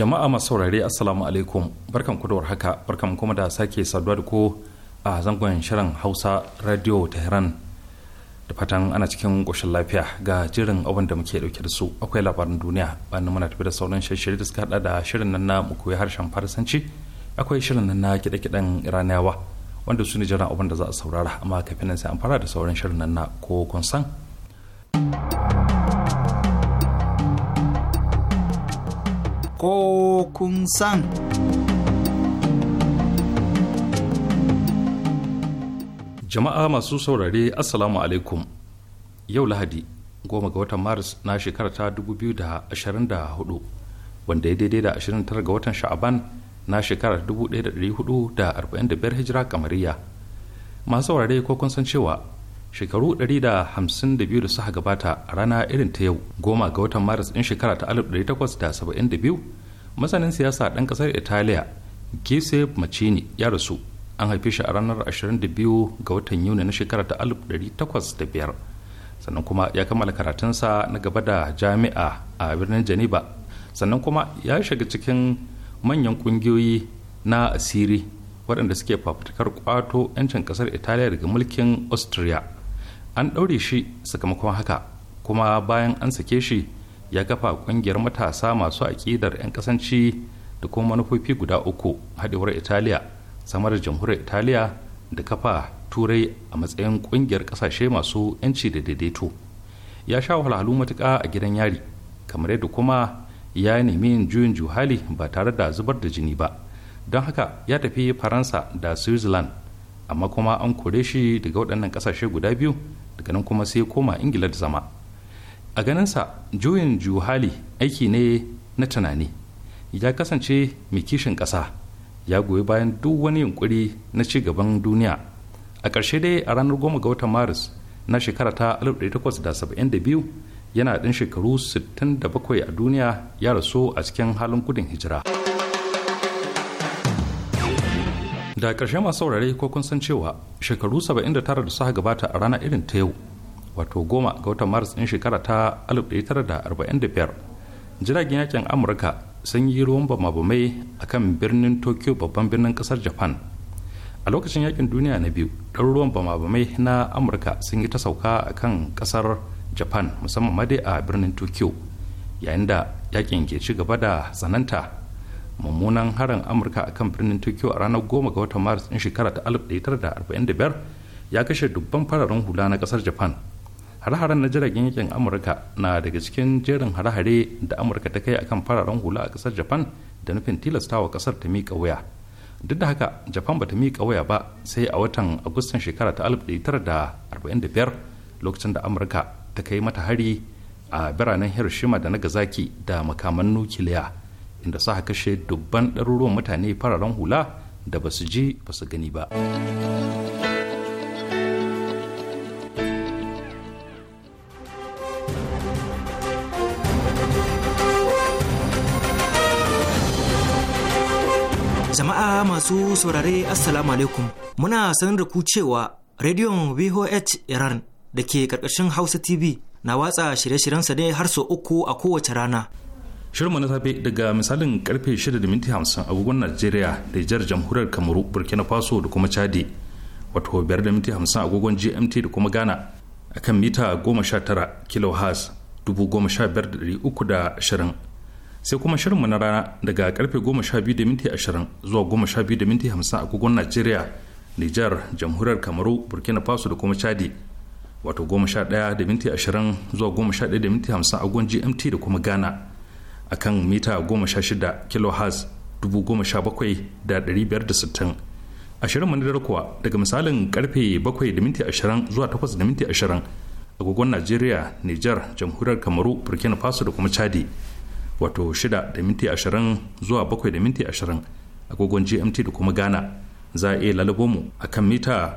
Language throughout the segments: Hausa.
jama'a masu saurare assalamu alaikum barkan ku da haka barkan kuma da sake saduwa da ku a zangon shirin hausa radio tehran da fatan ana cikin ƙoshin lafiya ga jirin abin da muke dauke da su akwai labarin duniya bayan muna tafi da sauran shirye da suka hada da shirin nan na muku harshen farsanci akwai shirin nan na kiɗe-kiɗen iraniyawa wanda su ne jiran abin da za a saurara amma kafin nan sai an fara da sauran shirin nan na ko kun san ko kun san. Jama'a masu saurare Assalamu alaikum yau Lahadi goma ga watan Maris na shekara ta 2024 wanda ya daidai da 29 ga watan Sha'aban na shekarar 1445 Hijira kamariya. Masu saurare ko kun san cewa shekaru 152 da suka gabata a rana irin ta yau goma ga watan maris din shekara ta 1872 masanin siyasa ɗan ƙasar italiya gise macini ya rasu an haife shi a ranar 22 ga watan yuni na shekara ta 1805 sannan kuma ya kammala karatunsa na gaba da jami'a a birnin geneva sannan kuma ya shiga cikin manyan ƙungiyoyi na asiri waɗanda suke fafutukar kwato 'yancin ƙasar italiya daga mulkin austria an ɗaure shi sakamakon haka kuma bayan an sake shi ya kafa ƙungiyar matasa masu aƙidar 'yan kasanci da kuma manufofi guda uku haɗewar italiya samar da jamhuriyar italiya da kafa turai a matsayin ƙungiyar ƙasashe masu 'yanci da daidaito ya sha wahalhalu matuka a gidan yari kamar yadda kuma ya nemi yin juyin juhali ba tare da zubar da jini ba don haka ya tafi faransa da switzerland amma kuma an kore shi daga waɗannan ƙasashe guda biyu daga nan kuma sai koma ingila da zama a ganinsa juyin juhali aiki ne na tunani ya kasance mai kishin ƙasa ya goyi bayan duk wani yunkuri na ci gaban duniya a ƙarshe dai a ranar goma ga watan maris na shekara ta 1872 yana ɗan shekaru 67 a duniya ya rasu a cikin halin gudun hijira. da ƙarshe masu saurare ko kun san cewa shekaru 79 da suka gabata a rana irin ta yau wato goma ga watan maris ɗin shekara ta 1945 jiragen yakin amurka sun yi ruwan bamabamai a kan birnin tokyo babban birnin ƙasar japan a lokacin yakin duniya na biyu ɗaruruwan bamabamai na amurka sun yi ta sauka a kan ƙasar japan musamman ma a birnin tokyo yayin da yakin ke ci gaba da tsananta mummunan harin amurka a kan birnin tokyo a ranar 10 ga watan maris din shekara ta 1945 ya kashe dubban fararen hula na kasar japan hare-haren na jiragen yakin amurka na daga cikin jerin hare-hare da amurka ta kai akan fararen hula a kasar japan da nufin tilastawa kasar ta miƙa waya duk da haka japan ba ta miƙa waya ba sai a watan agustan shekara ta 1945 lokacin da amurka ta kai mata hari a biranen hiroshima da nagasaki da makaman nukiliya inda sa kashe dubban ɗaruruwan mutane fararen hula da ba su ji ba su gani ba jama'a masu saurare assalamu alaikum muna sanar da ku cewa rediyon voh iran da ke ƙarƙashin hausa tv na watsa shirye-shiryensa ne har sau uku a kowace rana Shirma na safe daga misalin karfe 6:50 agogon Najeriya da jihar jamhuriyar Kamaru, Burkina Faso da kuma Chadi, wato 5:50 agogon GMT da kuma Ghana a kan mita 19 kHz 15,320 sai kuma shirinmu na rana daga karfe 12:20 zuwa 12:50 agogon Najeriya, Nijar, jamhuriyar Kamaru, Burkina Faso da kuma Chadi. Wato 11:20 zuwa 11:50 agogon GMT da kuma Ghana. a kan mita 16 kHz 17,560. Ashirin manadar kuwa daga misalin karfe 7:20 zuwa 8:20 da minti agogon Najeriya, Nijar, Jamhuriyar Kamaru, Burkina Faso da kuma Chadi. Wato 6:20 zuwa 7:20 da minti agogon GMT da kuma Ghana. Za a iya lalabo mu a kan mita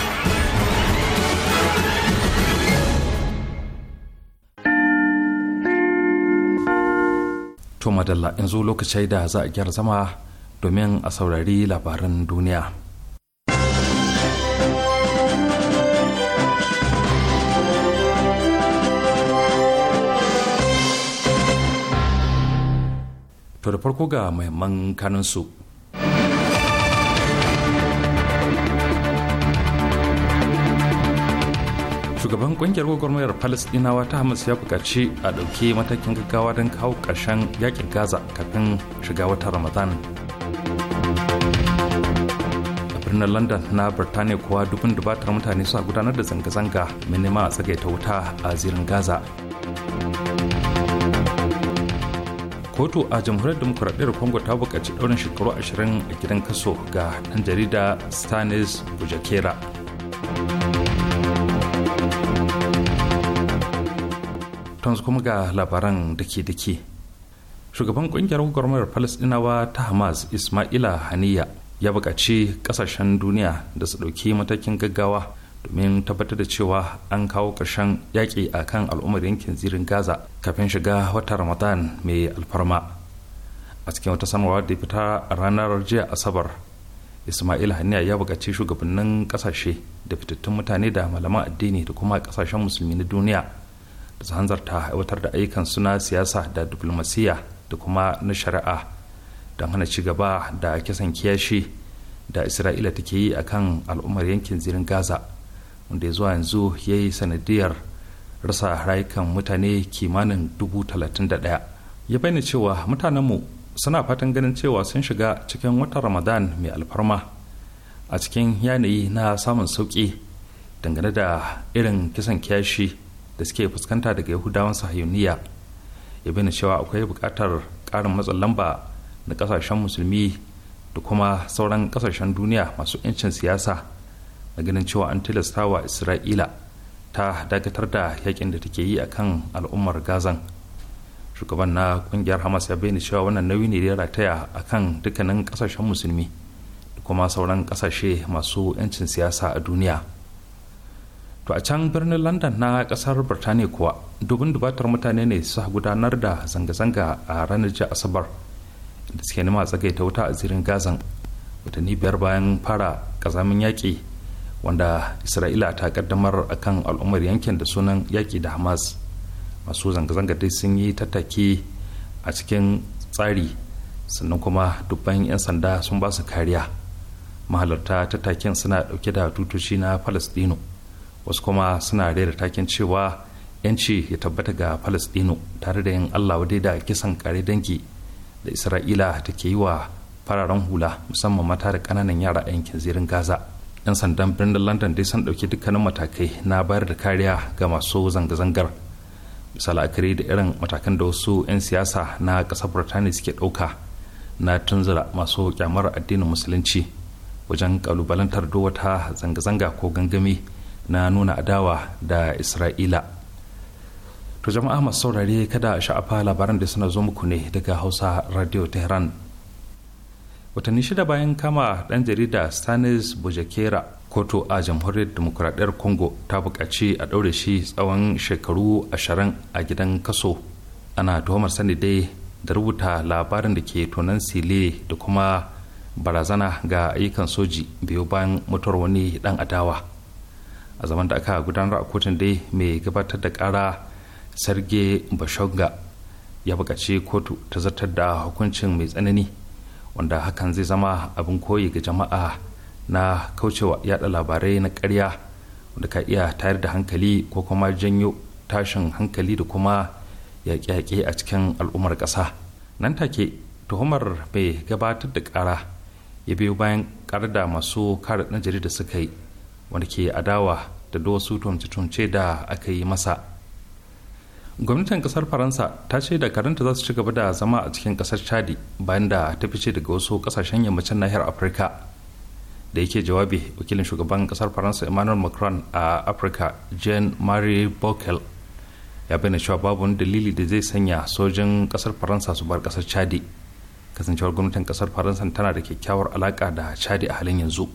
to madalla yanzu lokacin da za a gyara zama domin a saurari labaran duniya to da farko ga muhimman kanunsu shugaban kungiyar gwagwarmayar palestinawa ta hamas ya buƙaci a ɗauki matakin gaggawa don kawo ƙarshen yakin gaza kafin shiga wata ramadan a birnin london na birtaniya kuwa dubin dubatar mutane suna gudanar da zanga-zanga mai neman a tsagaita wuta a zirin gaza kotu a jamhuriyar demokuraɗiyar congo ta buƙaci ɗaurin shekaru 20 a gidan kaso ga ɗan jarida stanis bujakera tons kuma ga labaran dake-dake shugaban kungiyar gwamnatin palestinawa ta hamas ismaila haniya ya buƙaci ƙasashen duniya da su ɗauki matakin gaggawa domin tabbatar da cewa an kawo ƙarshen yaƙi a kan al'ummar yankin zirin gaza kafin shiga watan ramadan mai alfarma a cikin wata sanarwa da fita a ranar jiya asabar ismail haniya ya buƙaci shugabannin ƙasashe da fitattun mutane da malaman addini da kuma ƙasashen musulmi na duniya su hanzarta aiwatar da ayyukan suna siyasa da diplomasiya da kuma na shari'a don hana ci gaba da kisan kiyashi da isra'ila take yi a kan al'ummar yankin zirin gaza wanda ya zuwa yanzu ya yi sanadiyar rasa rayukan mutane kimanin dubu talatin da ɗaya ya bayyana cewa mutanenmu suna fatan ganin cewa sun shiga cikin watan ramadan mai alfarma a cikin yanayi na samun sauki dangane da irin kisan kiyashi da suke fuskanta daga yahudawan sahayuniya ya bayyana cewa akwai buƙatar ƙarin matsin lamba na ƙasashen musulmi da kuma sauran ƙasashen duniya masu 'yancin siyasa na ganin cewa an tilasta wa isra'ila ta dakatar da yakin da take yi akan al'ummar gazan shugaban na kungiyar hamas ya bayyana cewa wannan nauyi ne da rataya akan dukkanin ƙasashen musulmi da kuma sauran ƙasashe masu 'yancin siyasa a duniya to a can birnin london na kasar birtaniya kuwa dubin dubatar mutane ne su gudanar da zanga-zanga a ranar jiya asabar da suke nema ta wuta a zirin gazan watanni biyar bayan fara kazamin yaƙi wanda isra'ila ta kaddamar a kan al'ummar yankin da sunan yaƙi da hamas masu zanga-zanga dai sun yi tattaki a cikin tsari sannan kuma dubban 'yan sanda sun ba su kariya mahalarta tattakin suna dauke da tutoci na falastino wasu kuma suna da takin cewa yanci ya tabbata ga palestino tare da yin allah wadai da kisan kare dangi da isra'ila ke yi wa fararen hula musamman mata da kananan yara a yankin zirin gaza yan sandan birnin london dai sun ɗauki dukkanin matakai na bayar da kariya ga masu zanga-zangar misali da irin matakan da wasu 'yan siyasa na ƙasar burtaniya suke ɗauka na tunzura masu kyamar addinin musulunci wajen kalubalantar duk wata zanga-zanga ko gangami na nuna adawa da isra'ila to jama'a masu saurare kada a sha'afa labaran da suna zo muku ne daga hausa radio tehran watanni shida bayan kama dan jarida stanis bujakera kotu a jamhuriyar demokuraɗiyar congo ta buƙaci a ɗaure shi tsawon shekaru ashirin a gidan kaso ana tuhumar sani dai da rubuta labarin da ke tonan sile da kuma barazana ga ayyukan soji biyu bayan mutuwar wani dan adawa a zaman da aka gudanar a kotun dai mai gabatar da kara sarge bashoga ya buƙaci kotu ta zartar da hukuncin mai tsanani wanda hakan zai zama abin koyi ga jama'a na kaucewa yada labarai na karya wanda ka iya tayar da hankali ko kuma janyo tashin hankali da kuma yaƙe-yaƙe a cikin al'ummar ƙasa nan take tuhumar mai gabatar da ƙara ya biyo bayan ƙarar da masu kare ɗan jarida suka yi wanda ke adawa da da wasu tumce-tumce da aka yi masa gwamnatin kasar faransa ta ce da karanta za su ci gaba da zama a cikin kasar chadi bayan da ta fice daga wasu kasashen yammacin nahiyar afirka da yake jawabi wakilin shugaban kasar faransa emmanuel macron a afirka jean marie bokel ya bayyana cewa babu wani dalili da zai sanya sojin kasar faransa su bar kasar chadi kasancewar gwamnatin kasar faransa tana da kyakkyawar alaka da chadi a halin yanzu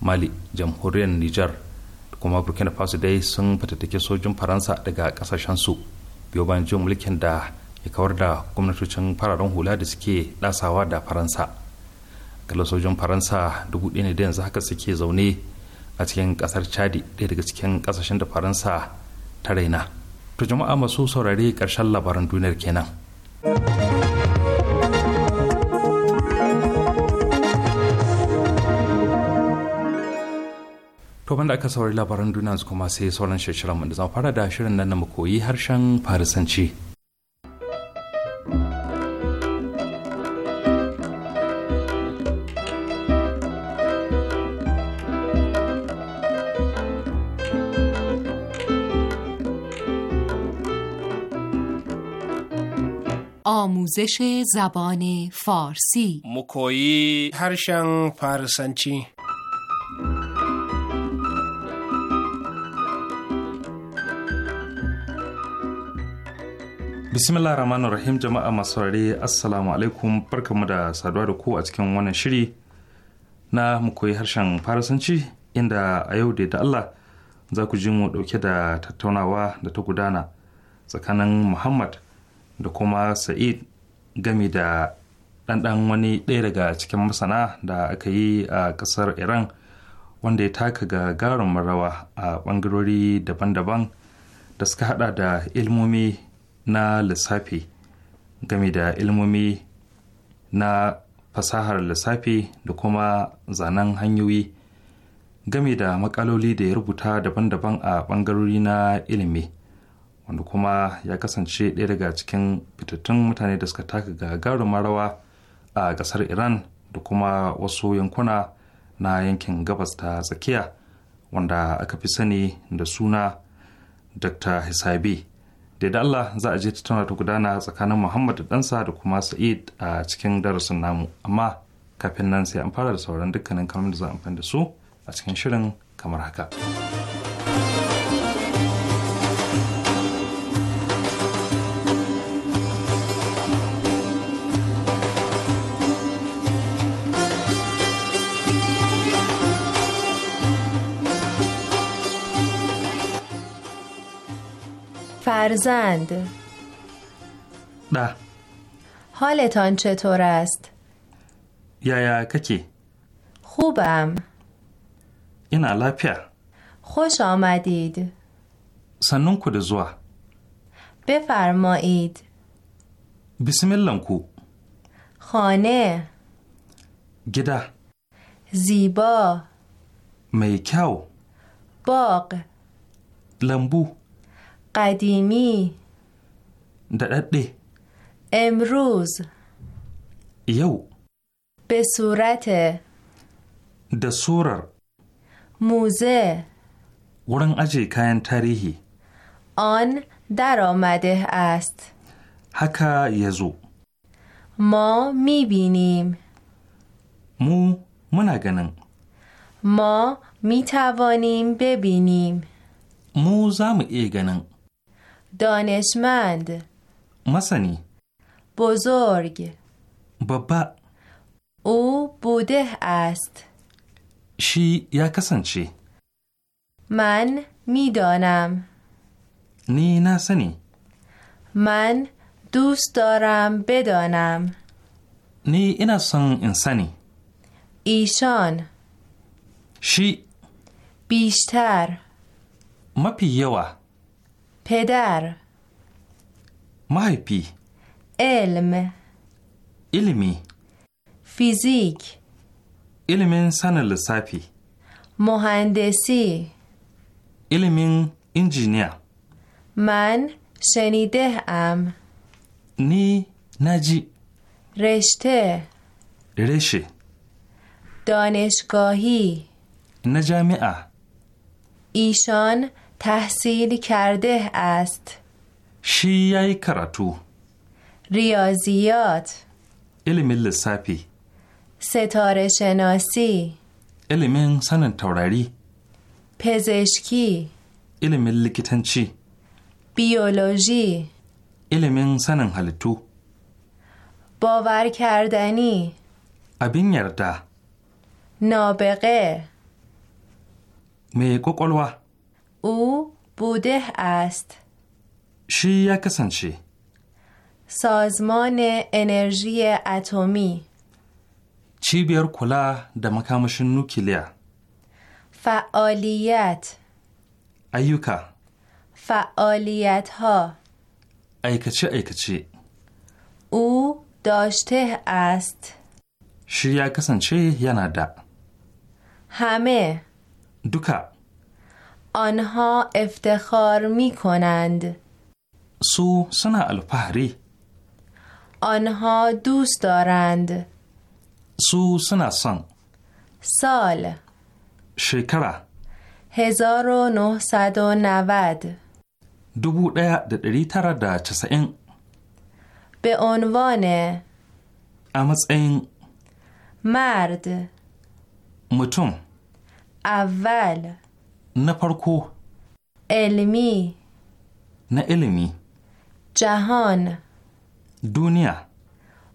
mali jamhuriyar niger kuma burkina faso dai sun fatattake sojin faransa daga su biyo bayan jin mulkin da ya kawar da gwamnatocin fararen hula da suke dasawa da faransa kala sojin faransa dubu ɗaya ne da yanzu haka suke zaune a cikin kasar chadi ɗaya daga cikin kasashen da faransa ta raina to jama'a masu saurari ƙarshen labaran duniyar kenan. to banda aka saurari labaran duniya su kuma sai sauran shirin da zan fara da shirin nan na mu koyi harshen farisanci آموزش زبان فارسی مکویی هرشن فارسنچی bismillah rahman rahim jama'a masu saurare assalamu alaikum barkamu da saduwa da ku a cikin wannan shiri na mu koyi harshen farasanci inda a yau da Allah za ku ji mu dauke da tattaunawa da ta gudana tsakanin muhammad da kuma sa'id game da ɗanɗan wani ɗaya daga cikin masana da aka yi a ƙasar iran wanda ya taka ga garin marawa a ɓangarori daban-daban da suka hada da ilmomi na lissafi game da ilmomi na fasahar lissafi da kuma zanen hanyoyi game da makaloli da ya rubuta daban-daban a ɓangarori na ilimi wanda kuma ya kasance ɗaya daga cikin fitattun mutane da suka taka gagarumar rawa a ƙasar iran da kuma wasu yankuna na yankin gabas ta tsakiya wanda aka fi sani da suna dr hisabi da da Allah za a je tattauna ta gudana tsakanin Muhammad da ɗansa da kuma Sa'id a cikin darasin namu amma kafin nan sai an fara da sauran dukkanin kalmomin da za a amfani da su a cikin shirin kamar haka. فرزند ده حالتان چطور است؟ یا یا ککی خوبم این لپیا خوش آمدید سنون کد زوا بفرمایید بسم الله کو خانه گده زیبا میکاو باغ لمبو قدیمی دردی امروز یو به صورت ده سورر موزه ورن اجی کاین تاریخی آن در آمده است حکا یزو ما میبینیم مو منگنن ما میتوانیم ببینیم مو زم ایگنن دانشمند مسنی بزرگ بابا او بوده است شی یا چی؟ من میدانم نی نسنی من دوست دارم بدانم نی این سن انسانی ایشان شی بیشتر ما یوه پدر مایپی علم علمی فیزیک علم سن لسپی مهندسی علم انجینیر من شنیده ام نی نجی رشته رشه دانشگاهی نجامعه ایشان تحصیل کرده است شیعی کراتو ریاضیات علم لسپی ستاره شناسی علم سنن توراری پزشکی علم لکتنچی بیولوژی علم سنن حالتو باور کردنی ابین یرده نابغه می قلوه او بوده است شی یکسن سازمان انرژی اتمی چی بیار کلا در مکامش کلیا فعالیت ایوکا فعالیت ها ایکچه ایکچی او داشته است شی یکسن یا نده همه دوکا آنها افتخار می کنند سو سنا الفهری آنها دوست دارند سو سنا سن سال شکره 1990 این به عنوان این مرد متون اول نه علمی نه علمی جهان دنیا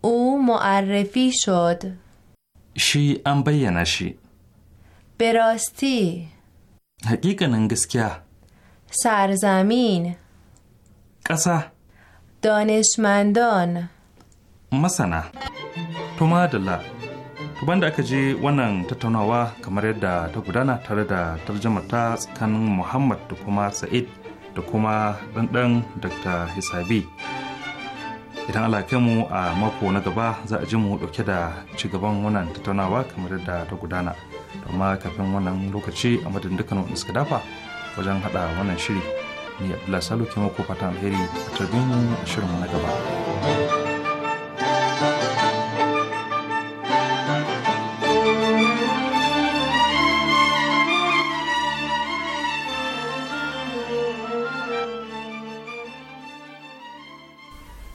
او معرفی شد شی ام بیانه شی براستی حقیقا انگسکیا سرزمین قصه دانشمندان مسنا تو banda aka je wannan tattaunawa kamar yadda ta gudana tare da tarjama ta tsakanin muhammad da kuma sa'id da kuma ɗanɗan dr hisabi idan Allah mu a mako na gaba za a ji mu ɗauke da ci gaban wannan tattaunawa kamar yadda ta gudana amma kafin wannan lokaci a madadin dukkan wanda suka dafa wajen hada wannan shiri ni abdullahi salo ke mako fatan alheri a mu shirin na gaba.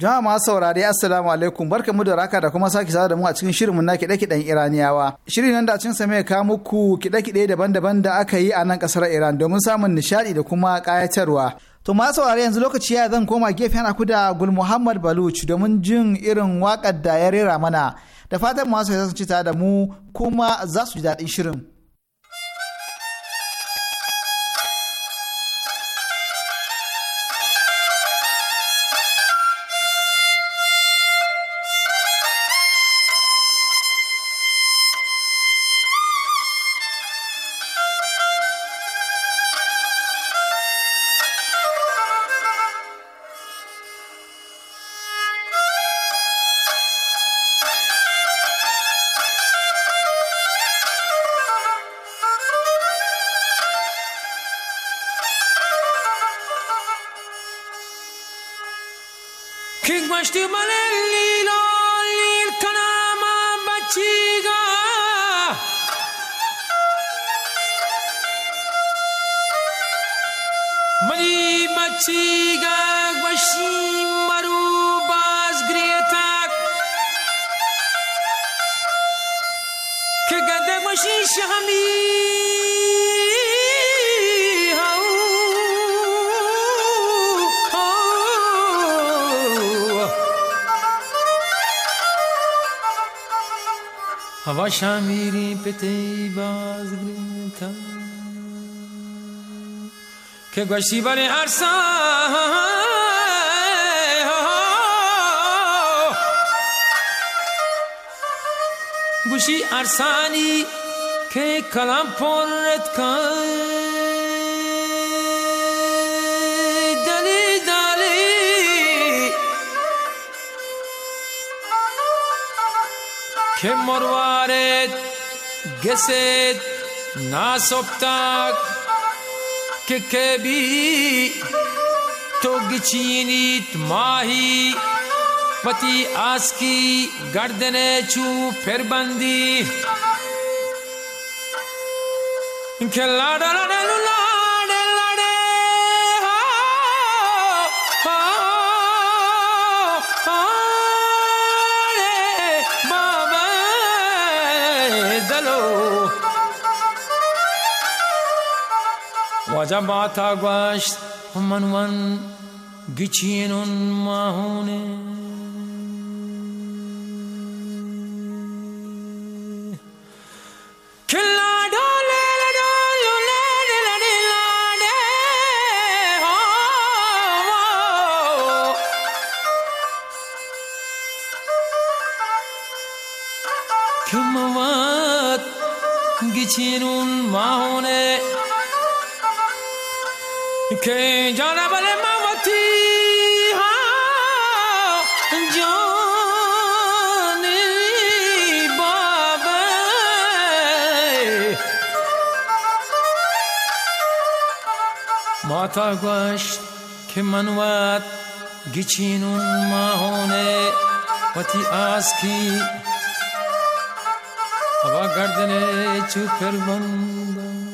Jama'a masu saurari assalamu alaikum barka mu da raka da kuma sake sada da mu a cikin shirinmu na kiɗe-kiɗen Iraniyawa. Shirin nan da cin sa mai kawo muku kiɗe-kiɗe daban-daban da aka yi a nan ƙasar Iran domin samun nishaɗi da kuma ƙayatarwa. To masu saurari yanzu lokaci ya zan koma gefen aku da Gul Muhammad Baluch domin jin irin wakar da ya rera mana. Da fatan masu sun ci da mu kuma za su ji daɗin shirin. شمی هوا شمیری پتی باز گریتا که گوشتی بلی ارسا گوشی ارسانی Ki kalan porret kay Deli dali Ki morvaret Geset Nasoptak Ki kebi तो गिचीनीत माही पति आस की गर्दने चू फिर बंदी Wajabatagwash manwan gichinun mahune. Killado گیچینون ماونه که جانب الموتی آره ها جانی بابا ما تا که منوات گیچینون ماهونه و تی آسکی हवा गर्दने चुकर बंदा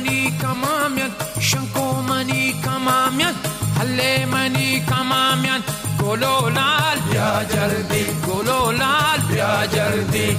mani kamamyan, shanko mani kamamyan, halle mani kamamyan, gololal ya jaldi, gololal ya jaldi.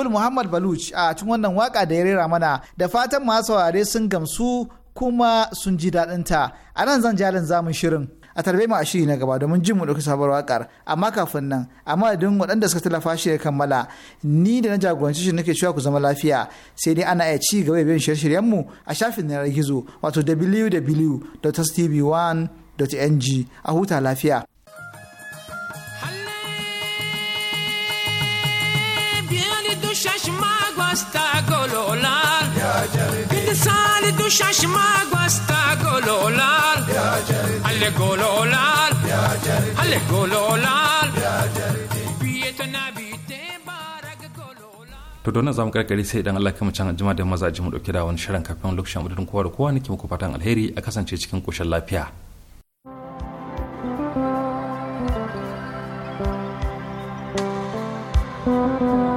Bul muhammad baluch a cikin wannan waka da ya rera mana da fatan masu saurare sun gamsu kuma sun ji daɗin ta a nan zan jalin zamun shirin a tarbe mu a shiri na gaba domin jin mu ɗauki sabuwar wakar amma kafin nan amma madadin waɗanda suka tallafa shi ya kammala ni da na jagoranci shi nake cewa ku zama lafiya sai dai ana iya ci gaba bayan shirye-shiryen mu a shafin na gizo wato www.tv1.ng a huta lafiya gwasta gololar insan du chashma gwasta gololar alle gololar alle gololar to don za mu karkare sai idan Allah kuma can jima da maza ji mu dauke da wani shirin kafin lokacin mutum kowa da kowa nake muku fatan alheri a kasance cikin koshin lafiya thank you